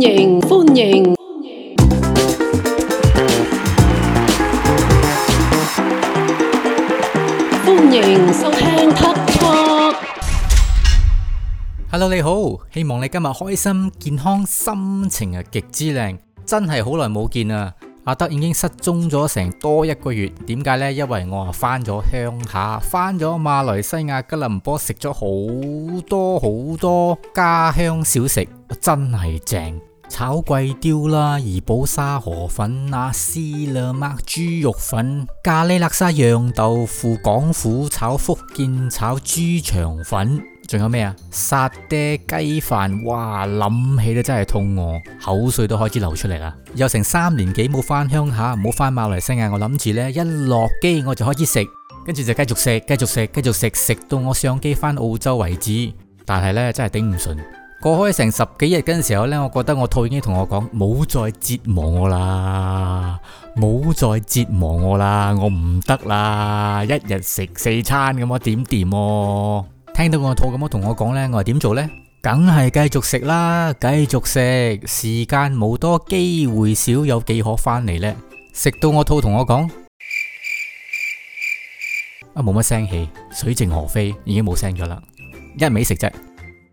歡迎歡迎歡迎收聽 Tuck Talk。Hello，你好，希望你今日開心、健康、心情啊極之靚。真係好耐冇見啦，阿德已經失蹤咗成多一個月。點解呢？因為我啊翻咗鄉下，翻咗馬來西亞吉隆坡食咗好多好多家鄉小食，真係正。炒粿條啦，怡保沙河粉啊，絲嘞麥豬肉粉，咖喱辣沙釀豆腐，廣府炒福建炒豬腸粉，仲有咩啊？沙爹雞飯，哇！諗起都真係肚餓啊，口水都開始流出嚟啦。有成三年幾冇翻鄉下，唔好翻馬來西亞，我諗住呢一落機我就開始食，跟住就繼續食，繼續食，繼續食，食到我上機翻澳洲為止。但係呢，真係頂唔順。過開成十幾日嗰陣時候咧，我覺得我肚已經同我講，冇再折磨我啦，冇再折磨我啦，我唔得啦，一日食四餐咁我點掂？聽到我肚咁樣同我講咧，我話點做咧？梗係繼續食啦，繼續食，時間冇多，機會少，有幾可翻嚟咧？食到我肚同我講，啊冇乜聲氣，水靜河飛，已經冇聲咗啦，一味食啫。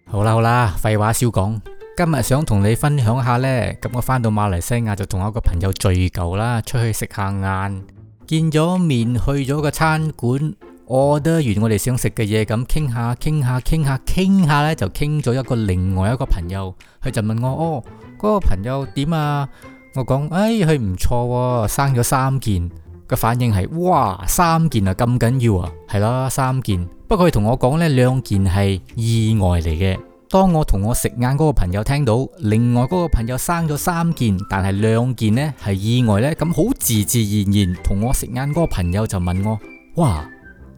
好啦好啦，廢話少講，今日想同你分享下呢，咁我翻到馬來西亞就同我個朋友聚舊啦，出去食下晏，見咗面，去咗個餐館，order 完我哋想食嘅嘢，咁傾下傾下傾下傾下呢就傾咗一個另外一個朋友，佢就問我哦，嗰個朋友點啊？我講，哎，佢唔錯喎，生咗三件。個反應係，哇，三件啊，咁緊要啊，係啦，三件。不過佢同我講呢兩件係意外嚟嘅。當我同我食晏嗰個朋友聽到，另外嗰個朋友生咗三件，但係兩件呢係意外呢。咁好自自然然，同我食晏嗰個朋友就問我：哇，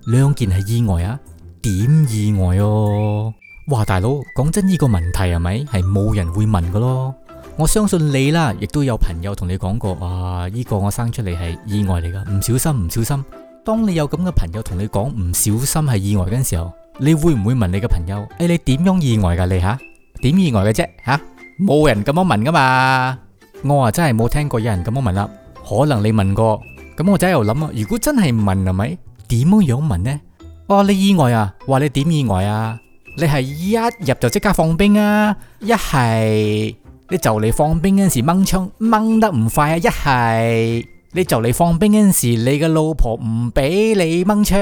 兩件係意外啊？點意外哦、啊？哇，大佬，講真呢個問題係咪係冇人會問㗎咯？我相信你啦，亦都有朋友同你講過，哇，呢個我生出嚟係意外嚟噶，唔小心，唔小心。當你有咁嘅朋友同你講唔小心係意外嘅時候，你會唔會問你嘅朋友？誒，你點樣意外噶你吓？點意外嘅啫吓？冇人咁樣問噶嘛？我話真係冇聽過有人咁樣問啦。可能你問過，咁我就喺度諗啊。如果真係問係咪？點樣樣問呢？哦，你意外啊？話你點意外啊？你係一入就即刻放冰啊？一係你就嚟放冰嗰陣時掹槍掹得唔快啊？一係？你就嚟放冰嗰陣時，你嘅老婆唔俾你掹槍，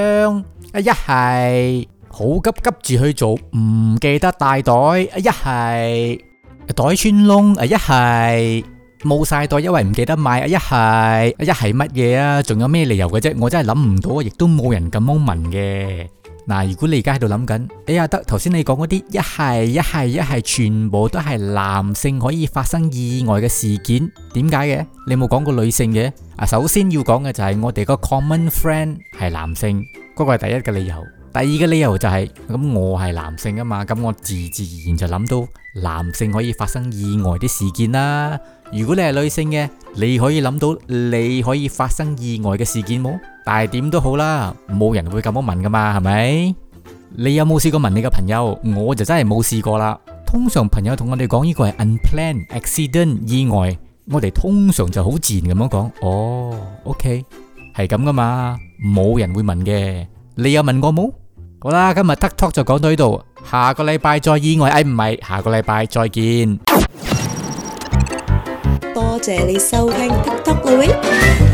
啊，一係好急急住去做，唔記得帶袋，啊，一係袋穿窿，一係冇晒袋，因為唔記得買，一係一係乜嘢啊？仲有咩理由嘅啫？我真係諗唔到啊，亦都冇人咁樣問嘅。嗱，如果你而家喺度諗緊，哎呀得，頭先你講嗰啲一系一係一系，全部都係男性可以發生意外嘅事件，點解嘅？你冇講過女性嘅？啊，首先要講嘅就係我哋個 common friend 係男性，嗰、嗰個係第一個理由。第二個理由就係咁，我係男性啊嘛，咁我自自然然就諗到男性可以發生意外啲事件啦。如果你係女性嘅，你可以諗到你可以發生意外嘅事件冇？但係點都好啦，冇人會咁樣問噶嘛，係咪？你有冇試過問你嘅朋友？我就真係冇試過啦。通常朋友同我哋講呢個係 unplanned accident 意外，我哋通常就好自然咁樣講。哦，OK，係咁噶嘛，冇人會問嘅。你有問過冇？好啦，今日 Tuck Talk 就講到呢度，下個禮拜再意外，哎唔係，下個禮拜再見。多謝你收聽 Tuck Talk Louis。